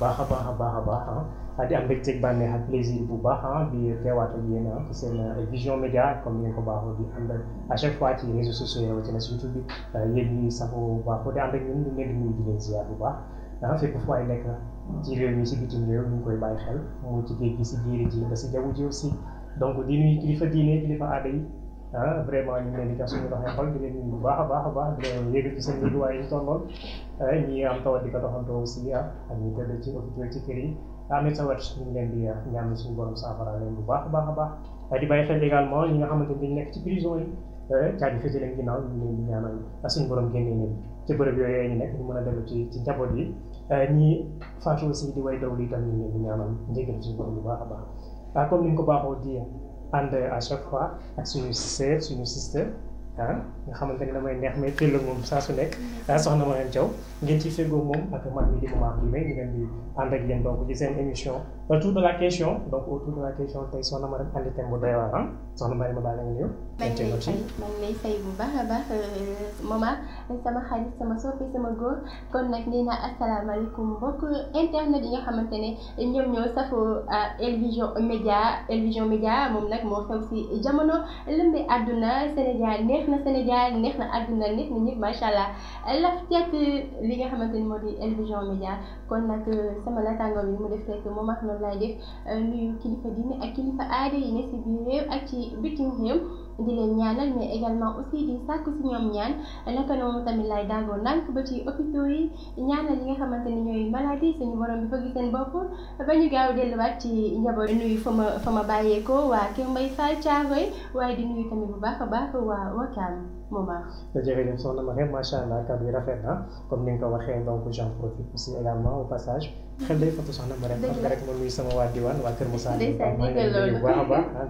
baax a baax a baax a baax ah. di am mbégteeg bànneex ak plaisir bu baax a ah, teewaat ak yéen ah, ci seen euh, vision média comme ni nga ko baaxoo di ànd à bi euh, yéen ñii safoo baaxoo di ànd ak ñun ñu leen di nuyu di leen bu baax ah fépp fu nekk ci réew mi bitim réew ñu koy bàyyi xel mu ci géej gi ci jéeri ba ci jaww ji aussi donc di nuyu kilifa diine kilifa aada yi. ah vraiment ñu ngi leen suñu doxee xol di leen bu baax a baax a baax di yëg ci seen yënguwaay yi tolloon ah, ñi am tawat di ko doxantoo aussi ah ak ñi tëdd ci hôpital ci kër yi amee ah, tawat ñu ngi leen di ah, ñaan suñu borom bu baax a baax a baax di bàyyi xel également ñi nga xamante ni nekk ci prison yi caabi féete leen ginnaaw ñu ngi leen di ñaanal suñu borom génnee leen ci bërëb yooyu ñu nekk ñu mën a dellu ci ci njaboot yi ñi faatu aussi di way daw lii tam ñu ngi leen di ñaanal bu baax a baax comme ni ñu ko baaxoo di à chaque fois ak suñu sœur suñu sister système, ah, nga xamante ne damay neex mais teel moom saa su nekk mm-hmm. ah, soxna ma leen jaw ngeen ci moom ak di may di donc ci émission autour de la question donc autour de la question tey soxna ma rek andi bu doy ah. soxna ma ma a euh, maman. sama xarit sama soppi sama góor kon nag nee naa asalaamaaleykum mbokk internet yi nga xamante ne ñoom ñoo safoo euh, Elvision Média Elvision Média moom nag moo xew si jamono lëmbe àdduna Sénégal neex na Sénégal neex na àdduna neex na ñëpp macha allah laf teet li nga xamante ni moo di Elvision Média kon nag euh, sama lataango bi mu def rek moom ak noonu euh, kilifa diine ak kilifa aada yi ne si biir réew ak ci bitim réew. di leen ñaanal mais également aussi di sàkku si ñoom ñaan naka noonu tamit laay daagoo ndànk ba ci hôpitaux yi ñaanal ñi nga xamante ni ñooy maladie suñu borom bi fëgg seen bopp ba ñu gaaw delluwaat ci njaboot nuyu fa ma fa ma bàyyeekoo waa Kër Mbaye Fall Thiaroye waaye di nuyu tamit bu baax a baax waa Wakaam moment jërëjëf soxna Marème euh, macha allah kàddu yi rafet na comme ni nga waxee donc soxna Marème rek ma nuyu sama waa diwaan waa Kër Moussa a baax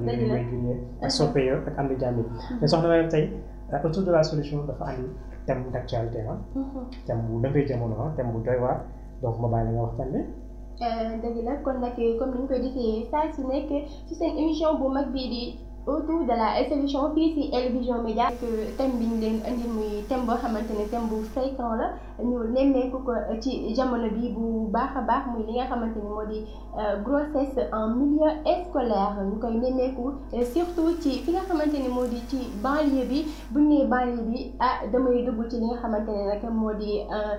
di may junee ak soppe yo ak am di jàmm de la solution dafa am thème d'actualité ah thème bu lëmbee jamono ah thème bu doy waar donc ma bàyyi la nga waxtaan la comme ni ñu koy gisee saa su nekk ci seen émission bu mag bii di autour de la exhibition fii Elvision Media que thème bi ñu leen indi muy thème boo xamante ne thème bu fréquent la ñu nemmeeku ko ci jamono bi bu baax a baax muy li nga xamante ni moo di euh, grossesse en milieu scolaire ñu koy nemmeeku euh, surtout ci fi nga xamante ni moo di ci banlieue bi bu ñu nee banlieue bi ah damay dugg ci li nga xamante ne nag moo di. Euh,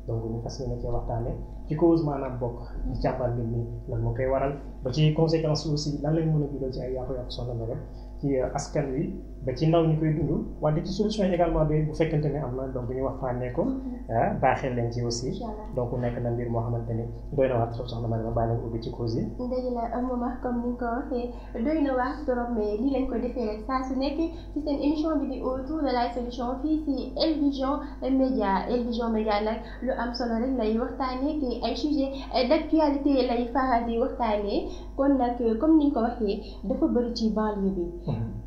donc ñu fas yéene cee waxtaane ci cause maanaam bokk di càmbar mbir mi lan moo koy waral ba ci conséquence aussi lan lañ mën a jural ci ay yàqu-yàqu soxna Ndeye ci euh, askan wi ba ci ndaw ñi koy dund wante ci solution également bi bu fekkente ne am na donc bu ñu waxtaanee ko ah baaxee leen ci aussi donc nekk na mbir moo xamante ni doy na waar soxna ma dama bàyyi leen ubbi ci cause yi dëgg la am moment comme ni nga ko waxee doy na waar trop mais lii lañ ko defee rek saa su nekk ci seen émission bi di autour de la solution fii si El Vision Média El Vision Média nag lu am solo rek lay waxtaanee te ay sujet d'actualité lay faral di waxtaanee kon nag comme ni nga ko waxee dafa bëri ci banlieue bi mhm.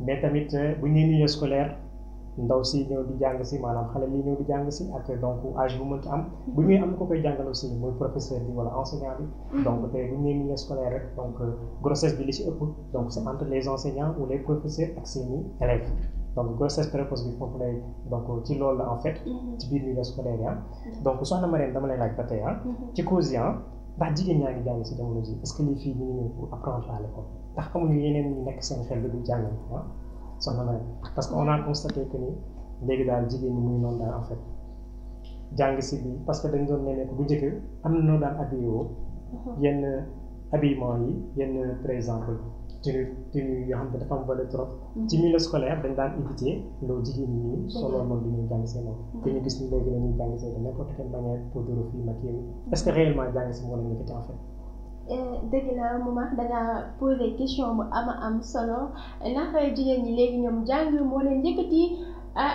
mais tamit euh, bu ñu milieu scolaire ndaw si ñëw di jàng si maanaam xale yi ñëw di jàng si ak donc âge bu mënti am bu ñuy am ko koy jàngal aussi muy professeur bi wala enseignant bi mm-hmm. donc tey bu ñu milieu scolaire rek donc euh, grossesse bi li ci ëpp donc c'est entre les enseignants ou les professeurs ak seeni élèves donc grossesse précoce bi foofu lay donc euh, ci loolu la en fait mm-hmm. ci biir milieu scolaire yi ah. mm-hmm. donc soxna Mariam dama lay laaj ba tey ah ci cause yi ah. ndax jigéen ñaa ngi jàng si jamono ji est-ce que les filles ñu ngi ñëw pour apprendre à l'école ndax amuñu yeneen nekk seen xel lu dul jàng ah soxna na parce que on a constaté que ni léegi daal jigéen ñi muy noonu daal en fait jàng si bi parce que dañ doon ne nekk bu njëkk am na noonu daan habillé woo uh-huh. yenn habillement yi yenn par exemple tenue tenue yoo xam ne dafa am valeur trop. Mm-hmm. ci milieu scolaire dañ daan éviter loo jigéen ñi mm-hmm. solo moom du ñuy jàng seen moom. Mm-hmm. ñu gis ni léegi dañuy jàng seen de n'importe quelle manière poudre dëgg la moom da ngaa question bu am am solo ndax jigéen ñi léegi ñoom jàng moo leen yëkkati ah,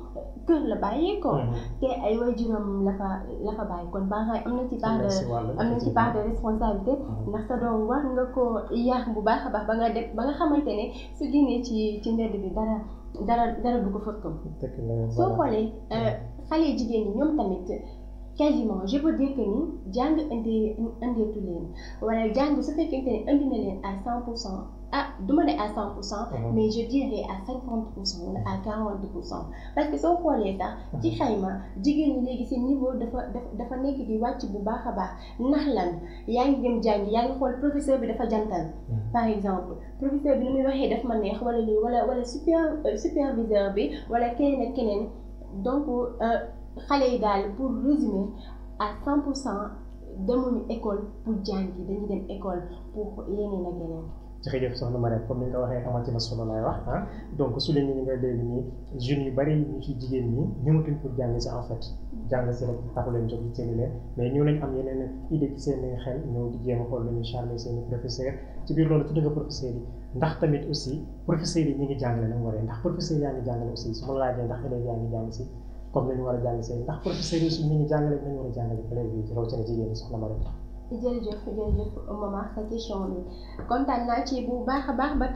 kër la ko mhm. te ay waajuram la fa la fa bàyyi kon baax am na ci part de am na ci part de responsabilité. Mhm. ndax sa doom war nga ko yar bu baax a baax ba nga def ba nga xamante ne su génnee ci ci mbedd bi dara dara dara du ko fëkkam. soo xoolee euh, mhm. xale jigéen ñi ñoom tamit. quasiment je peux dire que ni jàng indi indeetu leen wala jàng su fekkente ne indi na leen à 100 ah du ma à 100 uh-huh. mais je dirais à 50 à 40 parce que soo xoolee sax uh-huh. ci xayma jigéen ñi léegi niveau dafa dafa nekk di wàcc bu baax a baax ndax lan yaa ngi dem jàngi yaa ngi xool professeur bi dafa jantal uh-huh. par exemple professeur bi ni muy waxee daf ma neex wala wala super euh, superviseur bi wala keneen ak donc euh, xale yi daal pour résumer à 100 pour mon école pour jàngi dañuy dem école pour yeneen ak jërëjëf soxna Marième comme ni nga ko waxee amati na solo lay wax ah. donc su leen ñu nga léegi nii jeunes yu bari ñu ci jigéen ñi ñëwatuñ pour jàng si en fait jàng si rek taxu leen jóg yitteelu leen mais ñu leen am yeneen idée ci seen xel ñëw di jéem a xool professeur ci biir loolu tudd nga professeur yi ndax tamit aussi professeurs yi ñi ngi jàngale na mu waree ndax professeur yaa ngi jàngale aussi su ma laajee ndax élèves yaa ngi jàng si comme nañu war a jàng ndax professeurs yi ngi jàngale nañu war a jàngale élèves yi jërëjëf jërëjëf maman sa question bi kontaan naa ci bu baax baax ba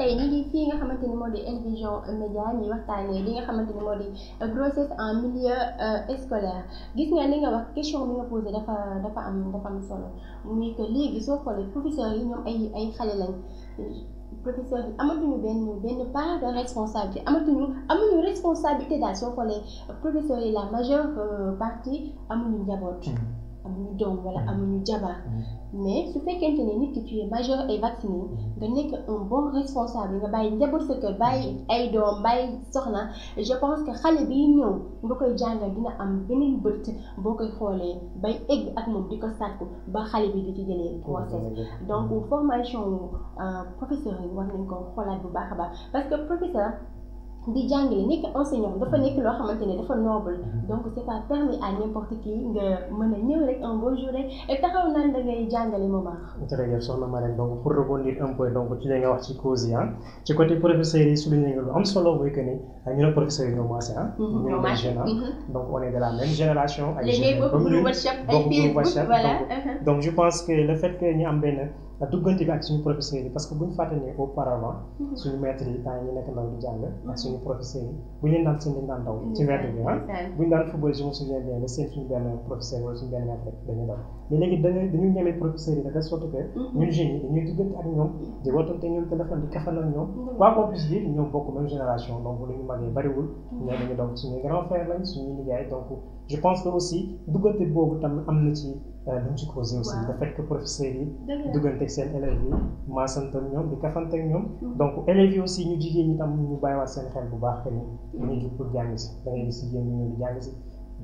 grossesse en milieu euh, scolaire gis nga li nga question nga posé dafa dafa am solo que professeurs yi ay ay lañ de responsabilité amatuñu amuñu responsabilité professeurs la majeure euh, partie amuñu njaboot. Hmm amuñu doom wala amuñu jabar mais su fekkente ne nit ki tu es majeur et vacciné nga nekk un bon responsable nga bàyyi njaboot sa kër bàyyi ay doom bàyyi soxna je pense que xale bi ñëw nga koy jàngal dina am beneen bët boo koy xoolee bay egg ak moom di ko sàkku ba xale bi di ci jëlee grossesse donc mm. formation euh, professeur yi war nañ ko xoolaat bu baax a baax parce que professeur di jàngale nekk enseignant dafa nekk loo xamante ne dafa noble donc c'est pas permis à n'importe qui nga mën a ñëw rek un beau jour rek taxaw naan da ngay jàngale très bien soxna Marème donc pour rebondir un peu donc ci li nga wax ci cause yi ah, ci côté professeur yi souligné nga lu am solo mooy que ni ah, ñu ne professeur yi ñoo maase ah. Mhm, ñoo maase ah. Mhm. donc on est de la même génération. ay jeunes comme voilà uh-huh. donc je pense que le fait que ñu am benn. duggante bi ak suñu professeurs yi parce que bu ñu fàtte ne auparavant mm-hmm. suñu maîtres yi temps yi ñu nekk ndaw di jàng ak mm-hmm. suñu professeurs yi bu ñu leen daan seen dañu daan daw ci mm-hmm. wedd bi ah bu daan football je me souviens bien seen suñu benn professeur wala suñu benn maître dañu daw mais léegi dañuy dañuy ñeme professeurs yi de telle sorte que mm-hmm. ñun jeunes yi dañuy duggante ak ñoom di wootante ñoom téléphone di kafal ak ñoom quoi qu'on puisse dire ñoom bokk même génération donc lu ñu magee bariwul mm-hmm. ñoo dañu donc suñuy grand frère lañ suñuy nijaay donc je pense que aussi duggante boobu tam am na ci euh, lu ñu ci causé aussi le fait que professeurs yi duggante seen élèves yi maasante ak ñoom di kafante ak ñoom mm-hmm. donc élèves yi aussi ñu jigéen ñi tam ñu bàyyiwaat seen xel bu baax que ni ñu jug pour jàng si da ngay gis jigéen ñi di jàng si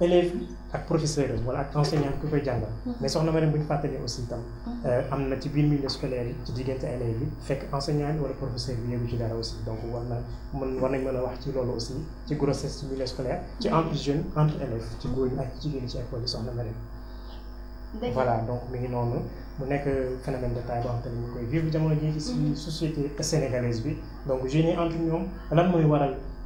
élèves ak professeur yi wala ak enseignants ku koy jàngal. Mhm. mais soxna ma dem bu ñu fàttalee aussi itam. Mhm. Euh, am na ci biir milieu scolaire ci diggante élèves bi fekk enseignant wala professeur bi yëgu ci dara aussi donc war na mën war nañ mën a wax ci loolu aussi ci grossesse ci milieu scolaire. ci mhm. entre jeune entre élèves. ci góor ñi ak jigéen ci école yi soxna ma dem. voilà donc mi ngi noonu mu nekk phénomène de taille boo xam te ne ñu koy vivre jamono jii ci société sénégalaise bi donc jeunes yi entre ñoom lan mooy waral.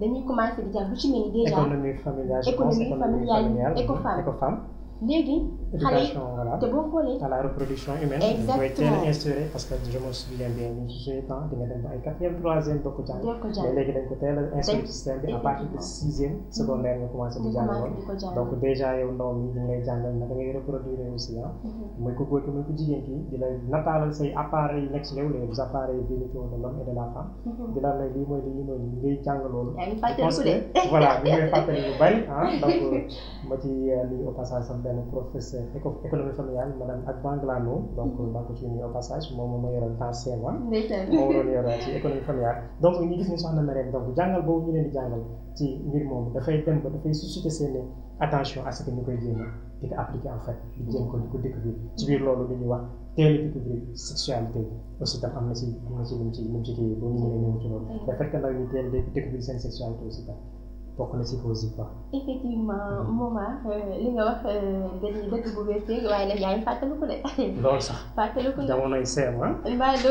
dañuy commencé di jàng lu ci mel ni déjà économie familiale économie familiale écofam léegi éducation voilà te reproduction humaine. exactement teel a instauré parce que je me souviens bien ñun suñu temps di nga dem ba ay quatrième troisième bokk jàng. mais léegi dañ ko teel a système bi à partir de sixième secondaire nga commencé di jàng lool. donc déjà yow ndaw mi ñu ngi lay jàngal naka ngay reproduire aussi ah. mooy mhm. ko góor ki mooy ko jigéen di la nataalal say appareils yi nekk si yow les appareils génitaux de l'homme et de la femme. Mhm. di la éco économie familiale ak Banglano donc maa ko ciy nuyu au passage moom moo ma yoroon temps CM1. moo waroon yoroon ci économie familiale. donc ñu gis ni soxna Marème donc jàngal boobu ñu leen di jàngal ci mbir moomu dafay dem ba dafay susciter seen attention à ce koy jéem a di ko appliquer en fait di jéem ko di ko découvrir ci biir loolu dañuy a découvrir sexualité bi aussi tam am na ci am na a découvrir seen sexualité aussi tam. bokk na ci cause yi quoi. effectivement mhm. moment euh, li nga wax euh, dañuy dëgg bu wér tey waaye nag yaa ngi fàttaliku de. loolu sax fàttaliku de jamonoy seem ah. mbaa do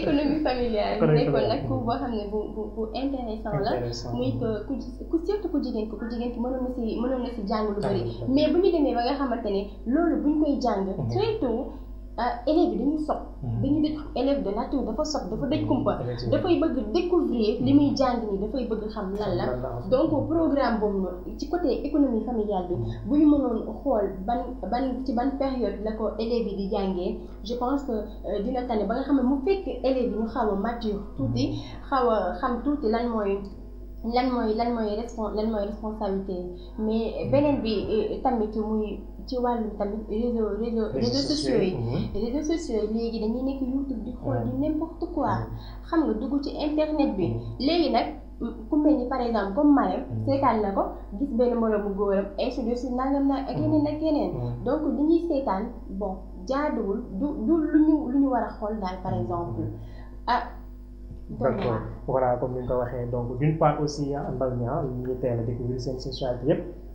économie familiale. nekkoon nag ku boo xam ne bu bu bu intéressant la. muy que ku ku surtout ku jigéen ku jigéen ki mënoon na si mënoon na si jàng lu bëri. mais bu ñu demee ba nga xamante ne loolu bu ñu koy jàng. Mhm. très Euh, élèves yi dañuy sob mhm. dañu dëkk élève de nature dafa sob dafa dëj kumpa dafay bëgg découvrir li muy jàng nii dafay bëgg xam lan la donc programme boobu noonu ci côté économie familiale bi mhm. bu ñu mënoon xool ban ban ci ban période la ko élèves yi di jàngee je pense que euh, dina tane ba nga xam ne mu fekk élève yi ñu xaw a mature tuuti mhm. xaw a xam tuuti lan mooy lan mooy lan mooy lan mooy responsabilité mais beneen bi euh, tamit muy ci wàllum tamit réseau réseau réseaux sociaux yi réseaux sociaux yi léegi dañuy nekk youtube di xool di n'importe quoi xam nga dugg ci internet bi léegi nag ku mel ni par exemple comme Marème seetaan na ko gis benn moroomu góoram ainsi de suite nangam na ak yeneen ak yeneen donc li ñuy seetaan bon jaaduwul du du lu ñu lu ñu war a xool daal par exemple ah d'accord voilà comme ni nga ko waxee donc d'une part aussi ndaw ah, ñi ah, ñu teel a découvrir seen sexualité yépp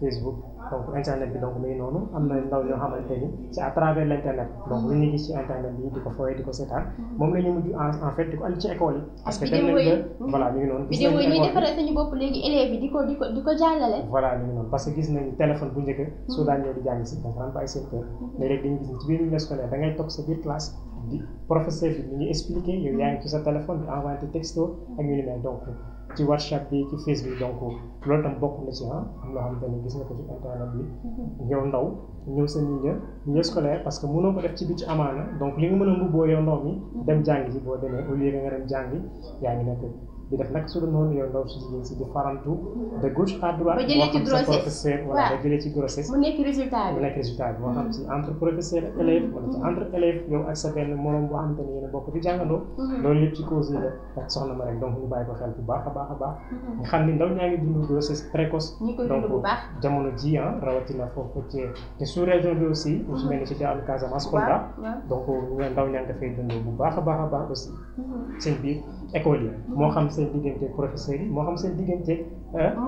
Facebook donc internet bi donc muy noonu am na ndaw ñoo xamante ni c' est à travers lu ñu gis ci internet bi di ko fooyee di ko seetaan moom la ñu mujj en fait di ko parce que gis nañu vidéo yi ñuy di ko jàllale. voilà ñu ngi noonu parce que gis nañu téléphone bu njëkk. su daan ñëw di jàng si dafa daan bàyyi seen sa biir classe. di professeur bi ñu ngi expliqué yow yaa ci sa téléphone di envoyé texto ak ñu ni mel donc ci WhatsApp bi ci Facebook donc loolu tam bokk na ci ah am loo xam ne gis nga ko ci internet bi ñëw mhm. ndaw ñëw sa milieu milieu scolaire parce que mënoo ko def ci bi ci amaana donc li nga mën a mbubboo yow ndaw mi mhm. dem jàngi ji boo demee au lieu que nga dem jàngi yaa ngi nekk di def nag su dul noonu yow ndaw si jigéen si di farantu de gauche à droite. ba jëlee ci grossesse moo xam sa professeur wala ba jëlee ci grossesse. mu nekk résultat moo xam si entre professeur ak élève ci entre élève yow ak sa benn moroom boo xamante ne mhm. bu baax a baax a baax. Mhm. nga ndaw ñaa ngi dund grossesse précoce. donc jamono ji ah rawatina foofu ci te sous région bi aussi. mu si mhm. mel ni ci daal Casamance Kolda. donc ndaw ñaa ngi dund bu baax a baax a baax aussi seen biir école yi moo xam seen digganteeg professeurs yi moo xam seen digganteeg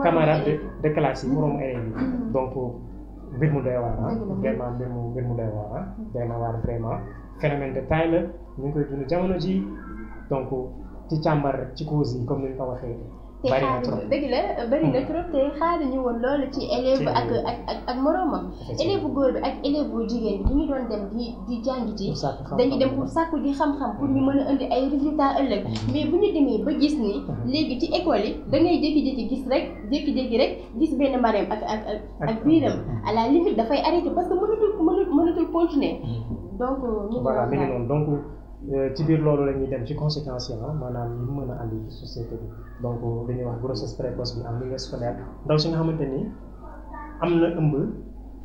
camarade de de yi moroom élèves yi mm-hmm. Mm-hmm. donc mbir mu doy waar ah. vraiment mbir mu mbir mu doy waar doy ah. na waar vraiment phénomène de taille la ñu ngi koy dund jamono ji donc ci càmbar ci cause yi comme ni ñu ko waxee bari na trop dëgg la bari na hmm. trop te xaaruñu woon loolu ci élève ak ak ak moroomam élève góor bi ak élève bu jigéen bi ñu doon dem di di jàngi ji dañuy dem pour sàkku ji xam-xam pour ñu hmm. mën a indi ay résultats ëllëg hmm. mais bu ñu demee ba gis ni léegi ci école yi da ngay jékki-jékki gis rek jékki-jékki rek gis benn mareem ak ak ak ak biiram à la limite dafay arrêté parce que mënatul mënatul mënatul continuer donc euh, ñu voilà mi ngi noonu donc Euh, ci biir loolu la ñuy dem ci conséquences yi maanaam li mu mën a andi société bi donc dañuy wax grossesse précoce bi am milieu scolaire ndaw si nga xamante ni am na ëmb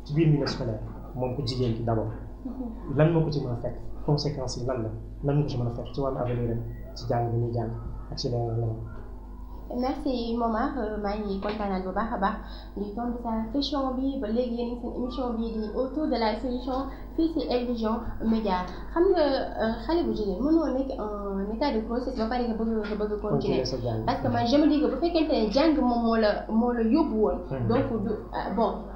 ci biir milieu scolaire moom ko jigéen ki d'abord mhm. lan moo ko ci mën a fekk conséquences yi lan la lan moo ko ci mën a fekk ci wàllu avenir ci jàng bi ñuy jàng ak ci leneen leneen merci Momar maa ngi kontaanaat bu baax a baax di tontu sa question bi ba léegi yéen seen émission bi di autour de la solution fii si El Média xam nga xale bu jigéen mënoo nekk un état de process ba pare nga bëgg nga bëgg continuer parce que man je me dis bu fekkente ne jàng moom moo la moo la yóbbu woon donc du bon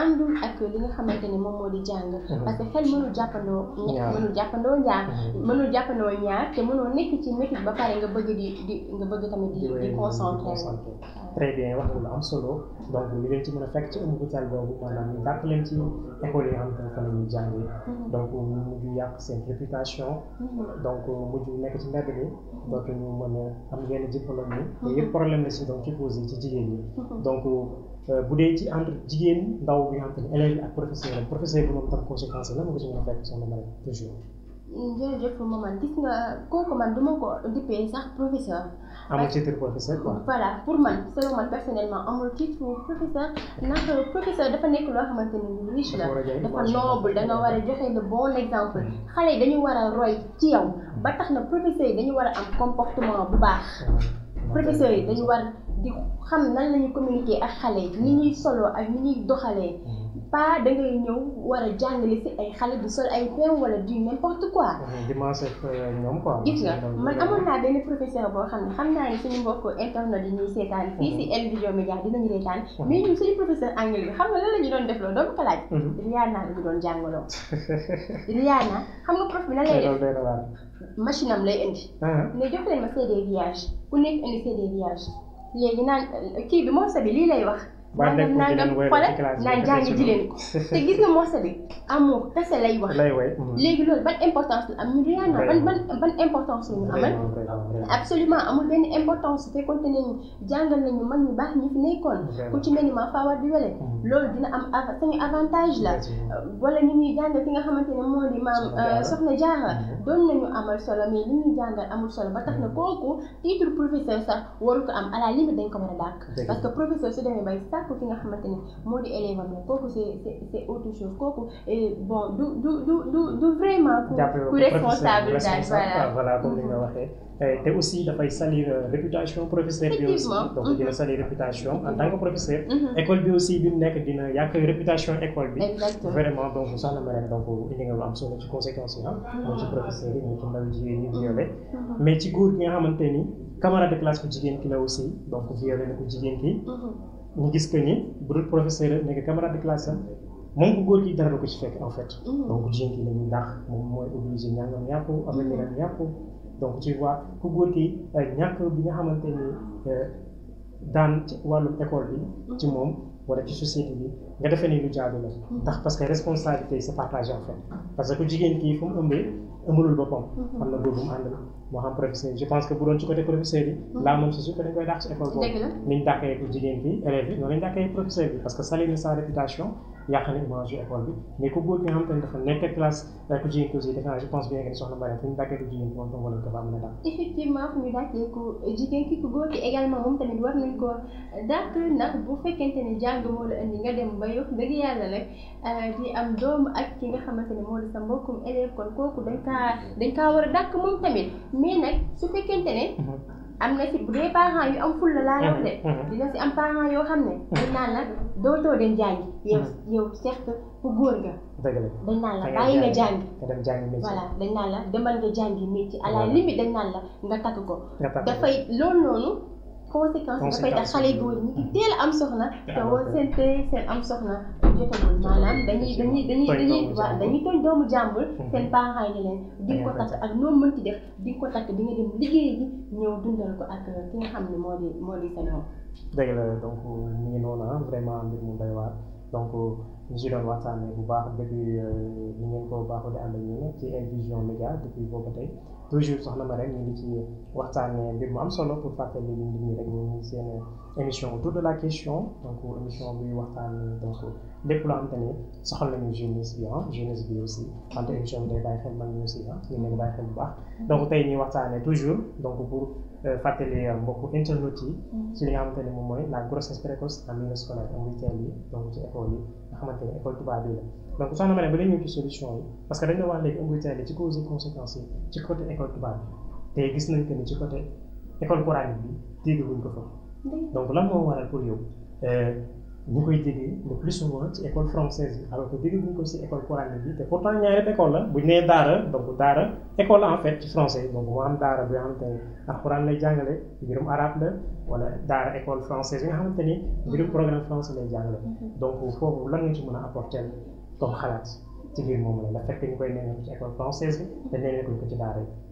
àndul ak li nga xamante ni moom moo di jàng mhm. parce que xel mënul jàppandoo ñaar mhm. mënul jàppandoo ñaar te mënoo nekk ci métier ba pare nga bëgg wax nga lu am solo donc li leen ci mën a fekk ci ëmb hôpital boobu maanaam leen ci école yi nga mhm. donc ñu mujj yàq seen réputation donc mujj nekk ci mbedd bi dootu ñu mën a am yenn diplôme yi yëpp problème la si donc ci posé ci jigéen ñi donc Euh, bu dee ci entre jigéen ndaw bi nga xam ne élève ak professeur am professeur moom tam conséquence la ma ko si mën a gis nga kooku man du ko dippee sax professeur. amul titre professeur quoi. pour man selon man personnellement amul titre professeur ndax professeur dafa nekk loo xamante ni lu riche la dafa noble da nga war a joxe le bon exemple mm. xale dañu war a roy ci yow ba mm. tax na professeur yi dañu war a am comportement bu baax mm. professeur yi dañu war. di xam nan la ñuy communiquer ak xale yi ni ñuy solo ak ni ñuy doxalee mm-hmm. pas da ngay ñëw war a jàngale si ay xale di sol ay peew wala du n'importe quoi. Mm-hmm. Euh, ñoom quoi. gis nga man amoon boo xam ne xam naa ne suñu mbokk internet yi ñuy seetaan fii si mm-hmm. El Vision Médias dinañu reetaan mais xam nga lan la ñu doon def loolu doo ko laaj. Rihanna la ñu doon jàngaloo. xam nga prof bi lan lay machine am lay indi. Uh-huh. ne jox leen ma CD vierge ku nekk indi CD vierge. ليغنان كي بموسى بليلة يوخ waa dëkk bi dinañ woy ci classe naan jàngi ji leen ko te gis nga morceau bi amour kese lay wax. lay woy mm. léegi loolu ban importance la am ñu Rihanna ban ban ban importance la ah? importance su fekkoon ne jàngal nañu ci mel ni ma faa war di wele. Mm. loolu dina am suñu avantage la. Euh, wala ñu ngi nga xamante ne moo di maam euh, Soxna Diarra mm-hmm. doon nañu amal solo mais li ñuy jàngal amul solo ba tax na mm-hmm. kooku titre professeur sax waru ko am à la limite dañ ko war a dàq. parce que professeur su demee bay sax. xalaat ko ki nga xamante ne moo élève am la kooku c' est autre chose kooku bon du du du du du vraiment. ku responsable daal voilà voilà comme ni nga mm-hmm. waxee. et aussi da fay salir euh, réputation professeur bi aussi donc dina mm-hmm. salir réputation en tant que professeur. Mm-hmm. école bi aussi bi nek dina yak réputation école bi. vraiment donc soxna Marième donc indi nga lu am solo ci conséquences hein ah. moo ci professeur ni moo ci ndaw jigéen ñi violé mais ci góor nga xamanteni camarade de classe bu jigéen ki la aussi donc violé na ko jigéen ki. ñu gis que ni bu dul professeur nekk camarade de classe am moom bu góor gi dara du ko ci fekk en fait. Mm. donc jigéen ki lañuy ndax moom mooy obligé ñàngam yàpp am na ñeneen mm. yàpp donc ci vois ku góor ki ñàkk bi nga xamante ni euh, daan ci wàllum école bi ci mm. moom. wala ci société bi nga defee ni lu jaadu la mm-hmm. ndax parce que responsabilité yi c'est partagé en parce que jigéen kii fu mu ëmbee ëmbalul boppam mm-hmm. am na góor bu mu àndal moo xam professeur je pense que bu doon ci côté professeur bi mm-hmm. laa moom c'est sûr que dañ koy dàq ci école boobu niñ dàkkee jigéen bi élève bi noonu lañ dàkkee professeur bi parce que salir sa réputation yàqale mu enjeu école bi mais ku góor ki nga xam ne dafa nekk classe ku jigéen ko aussi defe naa je pense bien que ni soxna Maria fuñu dàggee ko jigéen moom tam ku góor ki également moom war nañ nga dem ba yox dëgg euh, di am doomu ak ki nga xamante ne moo di sa mbokkum kooku dañ kaa war a dàkk moom su fekkente ne mhm. am na ci bu dee parents yu am fulla laa wax de mm-hmm, mm-hmm. dina si am parents yoo xam ne mm-hmm. dañ naan la dootoo dem jàngi yow yow certes ku góor nga dañ naan la bàyyi nga jàngi voilà dañ naan la demal nga jàngi métier à la limite dañ naan la nga takk ko dafay loolu noonu conséquence dafay tax xale góor ñi di teel am soxna te woo seen tey seen am soxna jotalul maanaam dañuy dañuy dañuy dañuy doomu jàmbur mhm. seen parents yi leen di ko takk ak noo mënti def di ko takk di nga liggéey ji ñëw dundal ko ak ki nga xam ne moo di moo di seen moom dëgg la donc ñu ngi noonu ah vraiment mbir mu doy waar donc ñu si doon waxtaanee bu baax depuis ñu euh, ngeen ko baaxoo di ànd ak ñu ci El Vision Médias depuis boobu tey toujours soxna ma rek ñu ngi ci waxtaanee mbir mu am solo pour fàttali nit ñi rek ñu ngi seen émission autour de la question donc émission buy waxtaan donc lépp loo xam te ni soxal nañu jeunesse bi ah jeunesse bi aussi wante émission bi day bàyyi xel mag ñi aussi ah ñu leen bàyyi xel bu baax donc tey ñuy waxtaanee toujours donc pour Euh, fàttali euh, mbokk internet yi mm-hmm. ci li nga xamante ne moom mooy la grossesse précoce en milieu scolaire muy teel yi donc ci école yi nga xamante ne école tubaab yi la donc soxna ma ne ba léegi ñëw ci solution yi parce que dañu wax léegi ëmb teel yi ci cause et conséquence yi ci côté école tubaab bi te gis nañ que ni ci côté école coranique bi dégguñ ko fa donc lan moo waral pour yow euh, ñu koy déggee le plus souvent ci école française bi alors que déggee ñu ko ci école coranique bi te pourtant ñaari école la bu ñu nee daara donc daara école la en fait ci français moo am daara bi nga xamante ni alxuraan lay jàngale wala daara école française bi nga xamante ni mbirum programme français lay jàngale donc foofu lan nga ci mën a apporter comme xalaat ci biir moom la la fekk ñu koy nee ci école française bi ci daara yi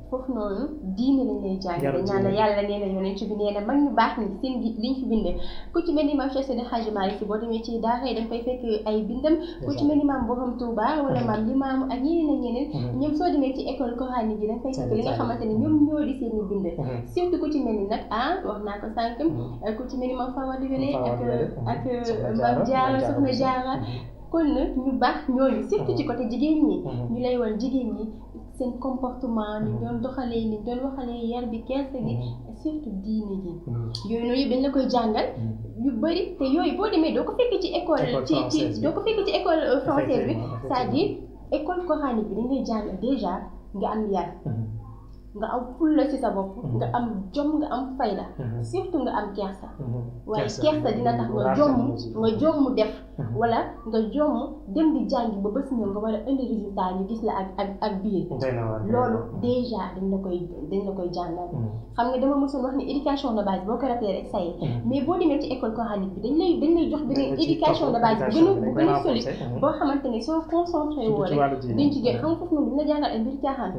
foofu noonu diine lañ lay jàngale ñaan la yàlla nee na yonent bi nee na mag ñu baax ni seen liñ fi bindee ku ci mel ni maam si boo demee ci daara da fay fekk ay bindam ku ci mel ni maam Borom Touba wala mm-hmm. maam Limaamu ak ñeneen ak ñeneen mm-hmm. ñoom soo demee ci école coranique yi da fay fekk li nga xamante ne ñoom mm-hmm. ñoo di ci mel ni nag ah wax naa ko sànq ku ci mel ni maam Fawade Wele ak ak maam Jaara Soxna Jaara kon ñu baax ñooñu surtout ci côté jigéen ñi ñu lay wal jigéen ñi seen comportement ni doon doxalee ni doon waxalee yar bi gerte gi mm-hmm. surtout diine ji mm-hmm. yooyu noonu yëpp dañ la koy jàngal mm-hmm. yu bëri te yooyu boo demee doo ko fekk ci école ci ci doo ko fekk ci école euh, française bi c'est-à-dire école coranique bi dañ lay jàngal déjà nga am yar nga am la ci sa bopp. Mhm. nga am jom nga am fayda. Mhm. surtout nga am kersa. Mhm. waaye kersa dina tax nga jomm nga jomm def. wala nga jomm dem di jàngi ba bés ñëw nga war a indi ñu gis la ak ak ak biir. loolu déjà dañ la koy dañ la koy jàngal. xam nga ne éducation boo ko ratee boo demee bi dañ lay dañ lay jox éducation de base bu gën a bu gën a boo xamante ne soo concentré woo rek dañ ci xam nga foofu noonu dina jàngal ay mbir caaxaan.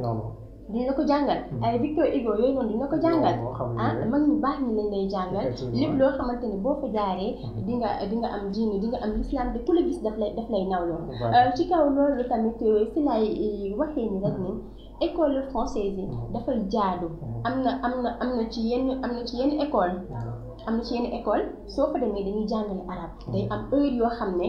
dina la ko jàngal hmm. ay Victor Hugo yooyu noonu dina ko jàngal ah mag ñu baax ñi lañ lay jàngal lépp loo xamante ni boo fa jaaree hmm. di nga di nga am diine di nga am lislaam de ku la gis daf lay daf lay euh, ci kaw loolu tamit euh, si laay euh, waxee ni rek ni école française yi hmm. dafay jaadu am na am na am na ci yenn am na ci yenn école am na ci école soo fa demee dañuy jàngale arab day am heure yoo xam ne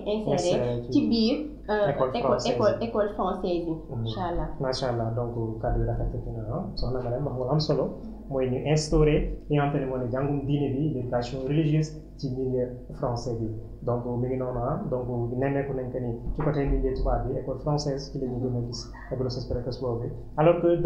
koy inséré école française yi incha allah macha allah donc kàddu yi na soxna Marème wax nga am solo mooy ñu instauré li nga xamante ne moo ne jàngum diine bi l'éducation ci milieu français bi donc mi ngi noonu ah donc nemmeeku nañ que ni ci côté milieu tubaab bi école française ci la ñu gën a gis école sosperekes boobu alors que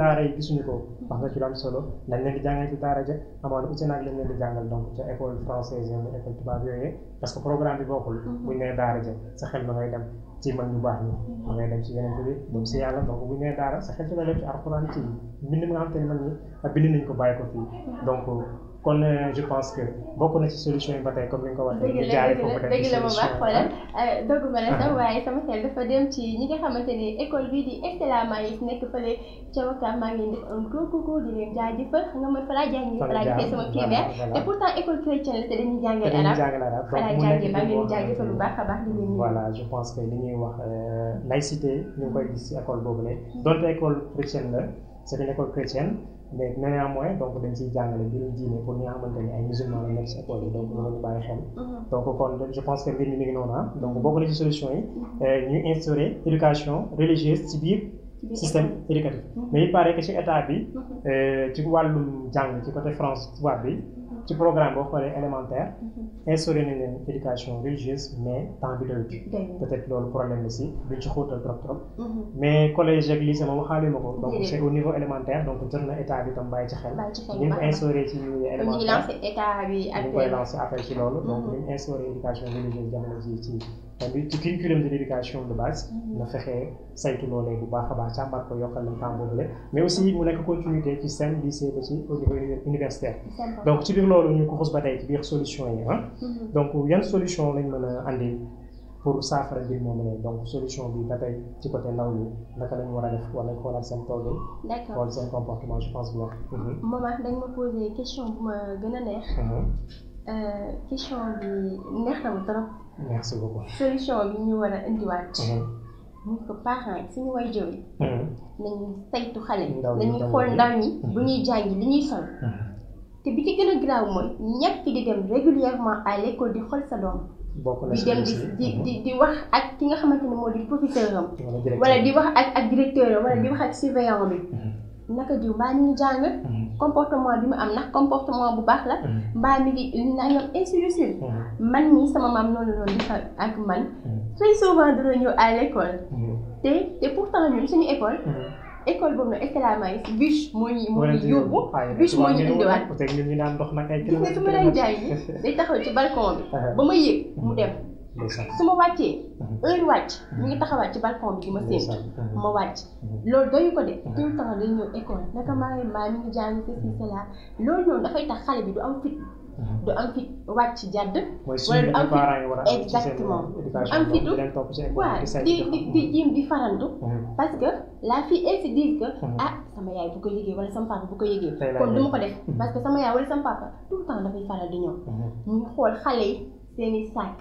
bi bokkul mm-hmm. buñ nee daara ja sa xel ma ngay dem ci mag ñu baax ñi ma ngay dem ci yeneen bi si yàlla donc buñ nee daara sa xel ci nga dem alxuraan ci mbind mi nga xam te ne mag ñi bind nañ ko bàyyi ko fii konne bokk solution yi ba tey comme ni nga ko waxee. dëgg la dëgg la moom ak xoolal dogguma la sax waaye sama xel dafa dem ci ñi nga xamante ni école bii di Excellence Maïs nekk fële ca Wakam maa ngi leen def un gros coucou di leen jaajëfal xam nga man fa laa jàngee fa laa gisee sama primaire te pourtant école chrétienne la te dañuy jàngee arab fa laa jàngee maa ngi leen jaajëfal bu baax a baax di leen voilà je pense que li ñuy wax laïcité ñu ngi koy gis si école boobu la donte école chrétienne la c'est une école chrétienne mais néanmoins donc dañ ciy jàngale mbirum diine pour ñi xamante ni ay musulman la nekk ci école yi donc loolu ñu bàyyi xel mhm. donc kon je pense que mbir mi mi ngi noonu ah donc mhm. bokk na ci solution yi mhm. euh, ñu instaurer éducation religieuse ci biir système éducatif mais il paraît que ci état bi euh, ci wàllum jàng ci côté France tubaab bi ci programme boo xoolee élémentaire mhm. instauré nañ leen éducation religieuse mais temps bi doyut peut-être loolu problème la si duñ ci xóotal trop trop mhm. mais collège ak sa moom waxaale ma ko donc c'est au niveau élémentaire donc jot na état bi tam bàyyi ci xel ñu ngi instauré ci élémentaire ñu ngi koy lancé appel ci loolu donc ñu ngi éducation religieuse jamono ji ci tamit ci curriculum de l'éducation de base. Mm-hmm. na fexe saytu loolee bu baax a baax càmbar ko yokkal nañ temps boobule. mais aussi mu nekk continuité ci seen lycée ba ci au niveau universitaire. donc ci biir loolu ñu ko xos ba tey ci biir solution yi ah. Mm-hmm. donc yan solution lañ mën a andi pour saafara bi moom la donc solution bi ba tey ci côté ndaw ñi naka lañ war a def wala xoolal seen toogin. d'accord xool seen comportement je pense bien. Mm-hmm. maman dañ ma posé question bu ma gën a neex. Euh, question bi neex na ma trop. merci beaucoup solution bi ñu war a indiwaat. mu ko parents yi suñu way jëwee. nañu saytu xale. nañuy xool ndaw ñi bu ñuy jàngi li ñuy sol. te bi ci gën a garaaw mooy ñàkk di dem régulièrement à l'école di xool sa doom. di dem di di di wax ak ki nga xamante ne moo di professeur am. wala di wax ak ak directeur am wala di wax ak surveillant bi. naka diw mbaa mi ngi jàng comportement bi mu am na comportement bu baax la mbaa mi ngi nangam ainsi de suite man mii sama maam noonu la doon defar ak man très souvent dina ñëw à l'école te te pourtant ñun suñu école école boobu nag éclatement yi bûche moo ñu moo ñu yóbbu bûche moo ñu indiwaat gis nga su ma day taxaw ci balcon bi ba ma yëg mu dem su ma wàccee mhm. heure wàcc mu ngi taxawaat ci balcon bi di ma séentu mhm. ma wàcc mhm. loolu doyu ko de tout le temps day ñëw école naka dafay tax bi du am fit du am fit wàcc jàdd wala du am fit exactement am di di di jiim que la fille ah, sama yaay bu ko yëgee wala sama papa ko yëgee parce que sama yaay wala sama papa xool xale yi seeni sàkk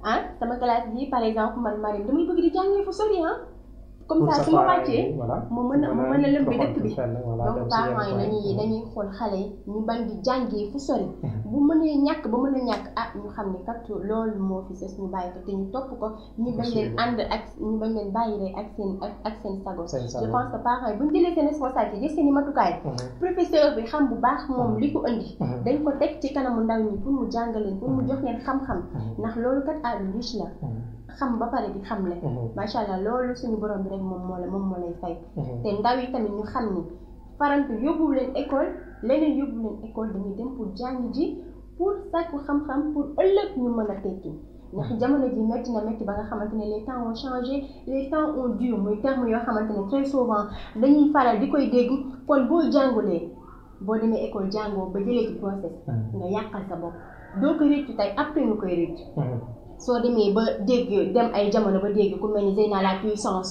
ah sama classe bii par exemple man Marème damay bëgg di jàngee fu sori ah comme ça su ma wàccee mu mën a mu mën a lëmbe dëkk bi donc parents yi nañuy dañuy xool xale yi ñu bañ di jàngee fu sori bu mënee ñàkk ba mën a ñàkk ah ñu xam ne kat loolu moo fi sës ñu bàyyi ko te ñu topp ko ñu bañ leen ànd ak ñu bañ leen bàyyi rek ak seen ak seen sago je pense que parents yi bu ñu jëlee seen responsabilité jël seen i matukaay mhm. professeur bi xam bu baax moom mhm. li ko indi mhm. dañ ko teg ci kanamu ndaw ñi pour mu jàngaleen pour mu jox leen xam-xam ndax loolu kat ah xam ba pare di xamle. macha allah loolu suñu borom bi rek moom moo la moom moo lay fay. te ndaw yi tamit ñu xam ni farantu yóbbu leen école leneen yóbbu leen école dañuy dem pour jàng ji pour sàkku xam-xam pour ëllëg ñu mën a tekki. ndax jamono ji métti na métti ba nga xamante ne les temps ont changé les temps ont dû muy terme yoo xamante ne très souvent dañuy faral di koy dégg kon boo jàngulee boo demee école jàngoo ba jëlee ci process nga yàqal sa bopp doo ko réccu tey après nga koy réccu soo demee ba dégg dem ay jamono ba dégg ku mel ni Zeyna la puissance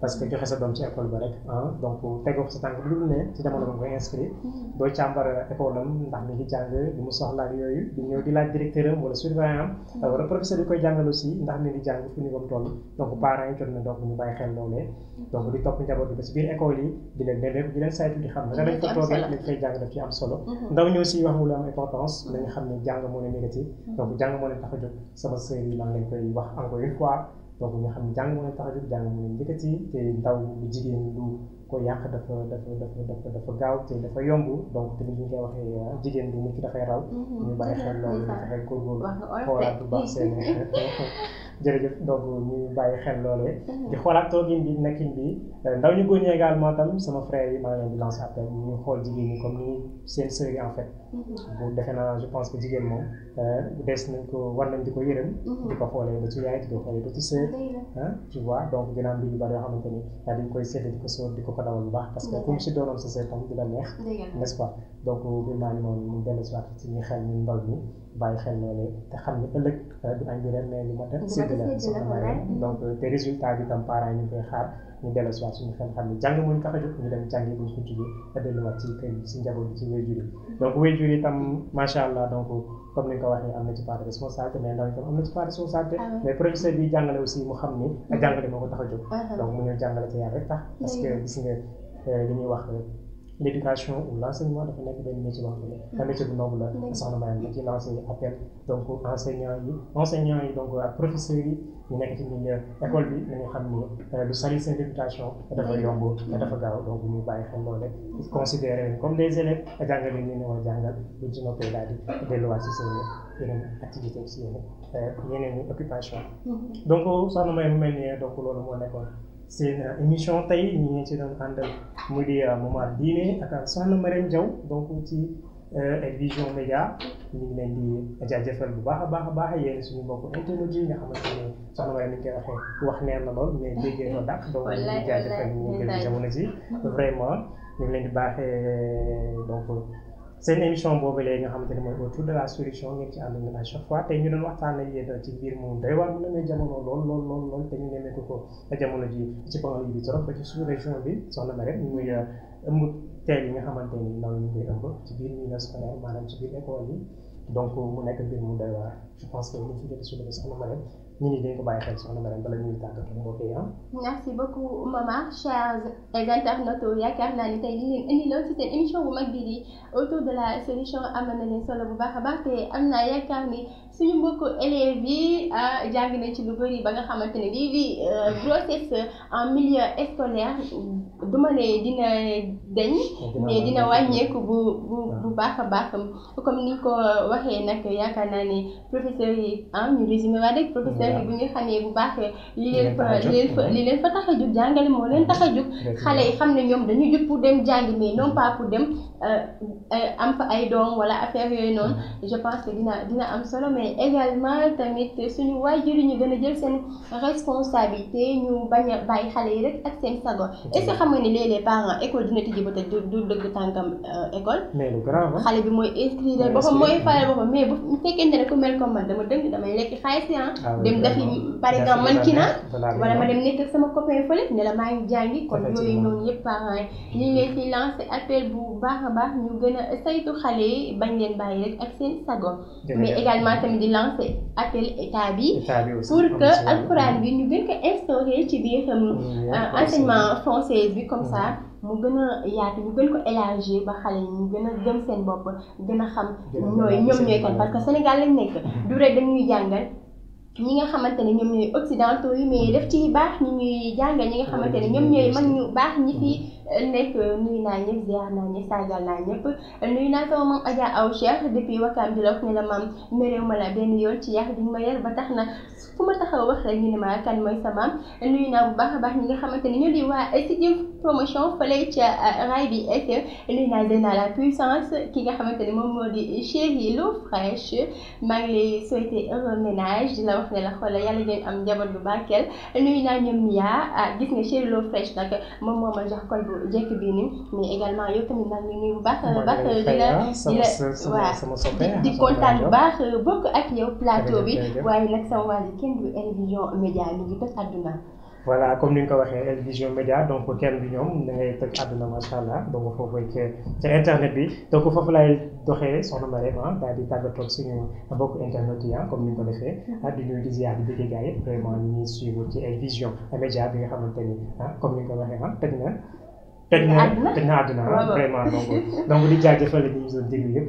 parce que joxe sa doom ci école ba rek ah, donc tegoo ko sa tànk lu mu ne ci jamono ba mu koy inscrit mm-hmm. doo càmbar euh, école am ndax mi ngi jàng lu mu soxla ak yooyu di ñëw di laaj directeur am wala mm-hmm. euh, koy jàngal aussi ndax mi ngi jàng fu niveau toll donc parents yi jot na donc mm-hmm. di topp njaboot bi ba si biir école yi di leen déléb di di xam naka dañ ko toogee lañ koy jàng wax mu lu importance dañu xam ne jàng moo ne négatif donc jàng moo ne tax a jóg sama sœur yi maa koy wax encore une fois donc nga xam jàng mooy tax a jóg jàng mooy njëkkati te ndaw jigéen lu ko yàq dafa dafa dafa dafa dafa gaaw te dafa yomb donc te ni ñu koy waxee ah, jigéen bu mucc dafay raw. Mm-hmm. ñu bàyyi xel loolu mm-hmm. dafay góorgóorlu xoolaat bu baax seen jërëjëf donc ñu bàyyi xel loole mhm. di xoolaat toogin bi nekkin bi ndaw ñu góor ñi également tam sama frère yi maa ngi leen di ñu xool jigéen ñi comme ni seen sœur yi en fait. Mhm. bu defe naa je pense que jigéen moom euh, des nañ ko war nañ di ko yërëm. Mhm. di ko xoolee ba ci yaay di ko xoolee ba ci sœur. ah tu vois donc dina am mbir yu bari yoo xamante ni koy seetlu ko sóor di ko ko dawal bu baax. parce que comme si doonoon sa sœur tam dina neex. n'est-ce pas donc mbir maa ngi noonu ñu dellusiwaat suñuy xel ñu ndaw ñi bàyyi xel loolu te xam ne ëllëg euh, du ay mbir rek mais lu mat a sédd la donc te xaar ñu dellusiwaat suñu xel xam a jóg ñu si njaboot bi ci wéyjur yi donc wéyjur yi tam comme ni nga ko waxee am na ci part de responsabilité mais ndaw itam ah professeur bi jàngale aussi mu xam ni mm-hmm. jàngale moo ko tax a jóg ah, ah. donc mu ñëw jàngale te yàlla rek tax parce mm-hmm. que gis nga euh, li ñuy wax l'éducation ou l'enseignement dafa nekk benn métier boo xam ne. métier bu noble la mm-hmm. soxna Mayane nga ci lancé appel donc enseignants yi enseignants yi donc ak professeurs yi ñu nekk ci milieu école bi nañu xam ni euh, lu sali seen réputation dafa mm-hmm. yomb dafa gaaw donc ñu bàyyi xel loole considéré comme les élèves jàngal yi ñu ne war jàngal buñ ci noppee daal di delluwaat si seen yeneen activité si yeneen euh, yeneen occupation mm-hmm. donc soxna Mayane mu mel ni donc loolu moo nekkoon seen uh, émission tey ñu ngi ci doon àndal mu di Momar Diine ak soxna Marème Diaw donc ci El euh, Vision Média ñu ngi leen di jaajëfal bu baax a baax a baax yéen suñu mbokk internet yi nga xamante ne soxna ñu koy waxee wax neer na lool mais déggee na dàq donc ñu ngi jaajëfal ñu ngi jamono ci vraiment ñu ngi di baaxee donc seen émission boobu léegi nga xamante ne mooy autour de la solution ngeen ci ànd ñun à chaque fois tey ñu doon waxtaan ak jamono lool lool lool te ñu nemmeeku ko jamono ji ci pangal yi bi trop ba ci sous région bi soxna ma rek muy euh, ëmb teel yi nga xamante ni ndaw ñu ngi ëmb ci biir milieu scolaire maanaam ci biir école yi donc mu nekk mbir mu doy waar je pense que ñu fi jot a soulevé soxna ma rek ñu ngi dañ ko bàyyi xel soxna Marème bala ñuy tàggatoo mbokk yi ah. merci beaucoup maman chers internautes yaakaar naa ni tey li leen indi lool ci seen émission bu mag bii di de la solution am na leen solo bu baax a baax te am naa yaakaar ni. suñu mbokku élèves yi euh, jàng nañ ci lu bëri ba nga xamante ne lii di euh, grossesse en milieu scolaire duma ne dina dañ mais dina wàññeeku bu bu bu baax a baax comme ni ko waxee nag yaakaar naa ne professeur yi ah ñu résumé waa rek professeur yi bu xamee bu baax li leen fa li leen fa li leen tax a jug jàngale moo leen tax a jug xale yi xam ne ñoom dañu jug pour dem jàngi mais non pas pour dem Euh, euh, am fa ay doom wala affaire yooyu noonu mm-hmm. je pense que dina dina am solo mais également tamit suñu waajur yi ñu gën a jël seen responsabilité ñu bañ a bàyyi xale yi rek ak seen sago est-ce que xam nga ni léeg-léeg parents école dina tijji ba tey du du dëgg tànkam euh, école. mais lu grave hein? xale bi mooy inscrire boppam mooy fayal boppam mais bu fekkente ne ku mel comme man dama dëng damay lekk xaalis ah. Ah, dem defi par exemple man kii na wala ma dem nekk ak sama copain fële ne la maa ngi jàngi kon yooyu noonu yëpp parents yi ñu ngi lay lancer appel bu baax a baax ñu gën a saytu xale yi bañ leen bàyyi rek ak seen sago mais également tamit di lancer appel état bi pour que alxuraan bi ñu gën ko instauré ci biir mm, euh, enseignement français bi comme mm. ça mu gën a yaatu ñu gën ko élargir ba xale yi ñu gën a gëm seen bopp gën a xam ñooy ñoom ñooy kan parce que Sénégal lañ nekk du rek dañuy jàngal ñi nga xamante ne ñoom ñooy occidentaux yi mais def ci baax ñi ñuy jàngal ñi nga xamante ne ñoom ñooy mag ñu baax ñi fii mm. nekk nuyu naa ñëpp ziar naa ñëpp saagal naa ñëpp nuyu naa sama depuis wakkaam di la wax ne la maam méréew ma la benn yoon ci yar bi ñu ma yar ba tax na fu ma taxaw wax rek ñu ne ma kan mooy sa maam nuyu naa bu baax a baax ñi nga xamante ne ñu di waa studio promotion fële ca euh, raay bi FM nuyu naa dina la puissance ki nga xamante ne moom moo di chéri lu fraîche maa ngi lay souhaiter heureux ménage di la wax ne la xoolal yàlla bu barkeel nuyu naa ñoom ñaa ah, gis nga chéri lu fraîche nag moom moo ma jox kol bu jekk bi ni mais également yow tamit nag ñu nuyu bu baax a baax ah, di la di la waaw di kontaan bu baax bokk ak yow plateau bi waaye nag sama waa ji kenn du Elvision Média ñu ngi toj àdduna voilà comme ni nga ko waxee El Média donc kenn bi ñoom da ngay toj àdduna macha allah donc foofu ca ca internet bi donc foofu lay doxee soxna Marème ah daal di tàggatoo suñu mbokku internet yi ah, comme ni nga ko defee mm-hmm. ah di nuyu di ziar di bëgg gars yëpp vraiment ñu ngi suivre ci El Média bi nga xamante ni ah comme ni nga ko waxee ah teg na. tëj na tëj na àdduna vraiment donc donc di jaajëfal la ñu doon déglu yëpp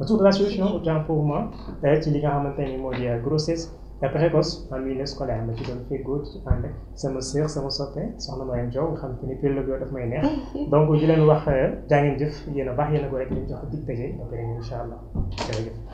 autour de la solution autant pour moi ci li nga xamante ni moo di grossesse précoce en milieu scolaire ma ci doon feggoo ci ànd sama sœur sama soppe soxna Mariam Diaw nga xam te ni période yooyu daf may neex donc di leen wax euh, jaa ngeen jëf yéen a baax yéen a ko rek ñu jox dig daje après incha allah jërëjëf